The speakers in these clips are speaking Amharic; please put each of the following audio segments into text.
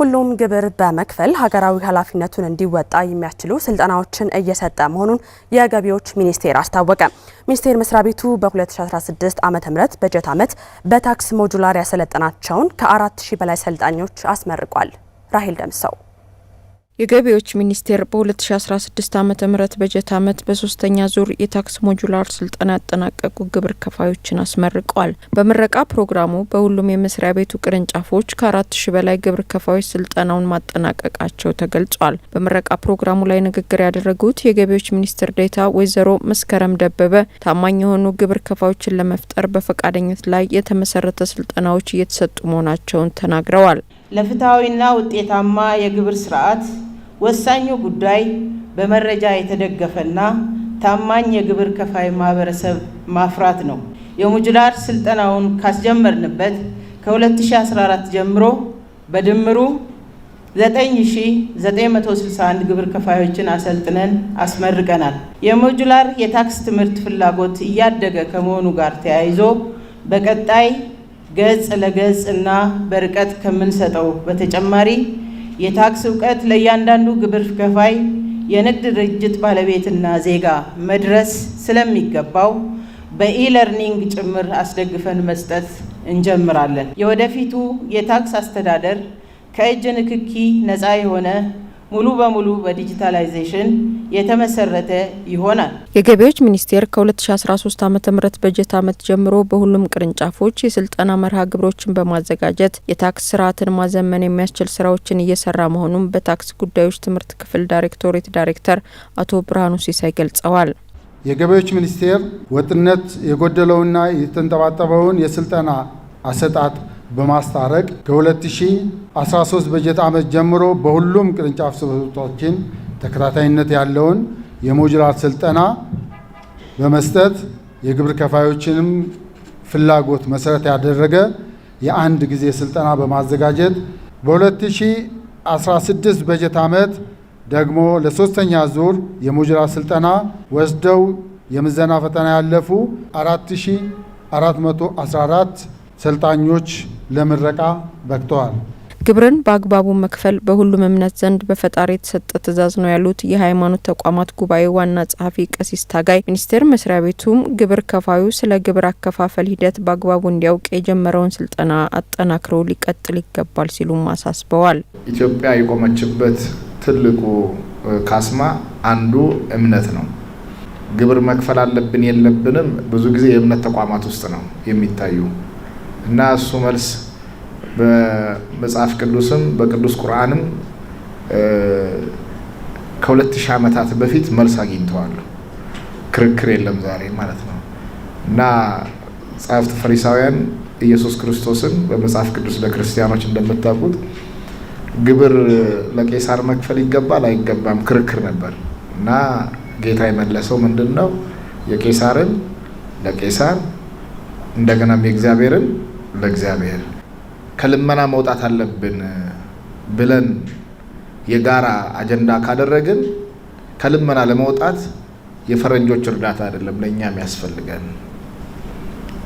ሁሉም ግብር በመክፈል ሀገራዊ ኃላፊነቱን እንዲወጣ የሚያስችሉ ስልጠናዎችን እየሰጠ መሆኑን የገቢዎች ሚኒስቴር አስታወቀ። ሚኒስቴር መስሪያ ቤቱ በ2016 ዓ ም በጀት ዓመት በታክስ ሞጁላር ያሰለጠናቸውን ከ4000 በላይ ሰልጣኞች አስመርቋል። ራሄል ደምሰው የገቢዎች ሚኒስቴር በ2016 ዓ ም በጀት ዓመት በሶስተኛ ዙር የታክስ ሞጁላር ስልጠና ያጠናቀቁ ግብር ከፋዮችን አስመርቀዋል። በምረቃ ፕሮግራሙ በሁሉም የመስሪያ ቤቱ ቅርንጫፎች ከአራት ሺ በላይ ግብር ከፋዮች ስልጠናውን ማጠናቀቃቸው ተገልጿል። በምረቃ ፕሮግራሙ ላይ ንግግር ያደረጉት የገቢዎች ሚኒስትር ዴታ ወይዘሮ መስከረም ደበበ ታማኝ የሆኑ ግብር ከፋዮችን ለመፍጠር በፈቃደኝነት ላይ የተመሰረተ ስልጠናዎች እየተሰጡ መሆናቸውን ተናግረዋል። ለፍትሐዊና ውጤታማ የግብር ስርዓት ወሳኙ ጉዳይ በመረጃ የተደገፈና ታማኝ የግብር ከፋይ ማህበረሰብ ማፍራት ነው። የሙጅላር ስልጠናውን ካስጀመርንበት ከ2014 ጀምሮ በድምሩ 9961 ግብር ከፋዮችን አሰልጥነን አስመርቀናል። የሞጁላር የታክስ ትምህርት ፍላጎት እያደገ ከመሆኑ ጋር ተያይዞ በቀጣይ ገጽ ለገጽ እና በርቀት ከምንሰጠው በተጨማሪ የታክስ እውቀት ለእያንዳንዱ ግብር ከፋይ የንግድ ድርጅት ባለቤትና ዜጋ መድረስ ስለሚገባው በኢለርኒንግ ጭምር አስደግፈን መስጠት እንጀምራለን። የወደፊቱ የታክስ አስተዳደር ከእጅ ንክኪ ነፃ የሆነ ሙሉ በሙሉ በዲጂታላይዜሽን የተመሰረተ ይሆናል። የገቢዎች ሚኒስቴር ከ2013 ዓ ም በጀት ዓመት ጀምሮ በሁሉም ቅርንጫፎች የስልጠና መርሃ ግብሮችን በማዘጋጀት የታክስ ስርዓትን ማዘመን የሚያስችል ስራዎችን እየሰራ መሆኑን በታክስ ጉዳዮች ትምህርት ክፍል ዳይሬክቶሬት ዳይሬክተር አቶ ብርሃኑ ሲሳይ ገልጸዋል። የገቢዎች ሚኒስቴር ወጥነት የጎደለውና የተንጠባጠበውን የስልጠና አሰጣጥ በማስታረቅ ከ2013 በጀት ዓመት ጀምሮ በሁሉም ቅርንጫፍ ስብሰባዎቻችን ተከታታይነት ያለውን የሞጁላር ስልጠና በመስጠት የግብር ከፋዮችንም ፍላጎት መሰረት ያደረገ የአንድ ጊዜ ስልጠና በማዘጋጀት በ2016 በጀት ዓመት ደግሞ ለሶስተኛ ዙር የሞጁላር ስልጠና ወስደው የምዘና ፈተና ያለፉ 4414 ሰልጣኞች ለምረቃ በቅተዋል። ግብርን በአግባቡ መክፈል በሁሉም እምነት ዘንድ በፈጣሪ የተሰጠ ትዕዛዝ ነው ያሉት የሃይማኖት ተቋማት ጉባኤ ዋና ጸሐፊ ቀሲስ ታጋይ ሚኒስቴር መስሪያ ቤቱም ግብር ከፋዩ ስለ ግብር አከፋፈል ሂደት በአግባቡ እንዲያውቅ የጀመረውን ስልጠና አጠናክሮ ሊቀጥል ይገባል ሲሉም አሳስበዋል። ኢትዮጵያ የቆመችበት ትልቁ ካስማ አንዱ እምነት ነው። ግብር መክፈል አለብን የለብንም ብዙ ጊዜ የእምነት ተቋማት ውስጥ ነው የሚታዩ እና እሱ መልስ በመጽሐፍ ቅዱስም በቅዱስ ቁርአንም ከሁለት ሺህ ዓመታት በፊት መልስ አግኝተዋል። ክርክር የለም ዛሬ ማለት ነው እና ጸሐፍት ፈሪሳውያን ኢየሱስ ክርስቶስን በመጽሐፍ ቅዱስ ለክርስቲያኖች እንደምታውቁት ግብር ለቄሳር መክፈል ይገባል አይገባም ክርክር ነበር እና ጌታ የመለሰው ምንድን ነው? የቄሳርን ለቄሳር እንደገናም የእግዚአብሔርን ለእግዚአብሔር ከልመና መውጣት አለብን ብለን የጋራ አጀንዳ ካደረግን ከልመና ለመውጣት የፈረንጆች እርዳታ አይደለም ለእኛ የሚያስፈልገን።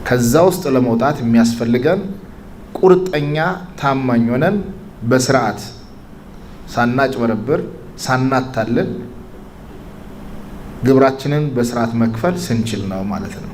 ከዛ ውስጥ ለመውጣት የሚያስፈልገን ቁርጠኛ ታማኝ ሆነን በስርዓት ሳናጭበረብር፣ ሳናታልን ግብራችንን በስርዓት መክፈል ስንችል ነው ማለት ነው።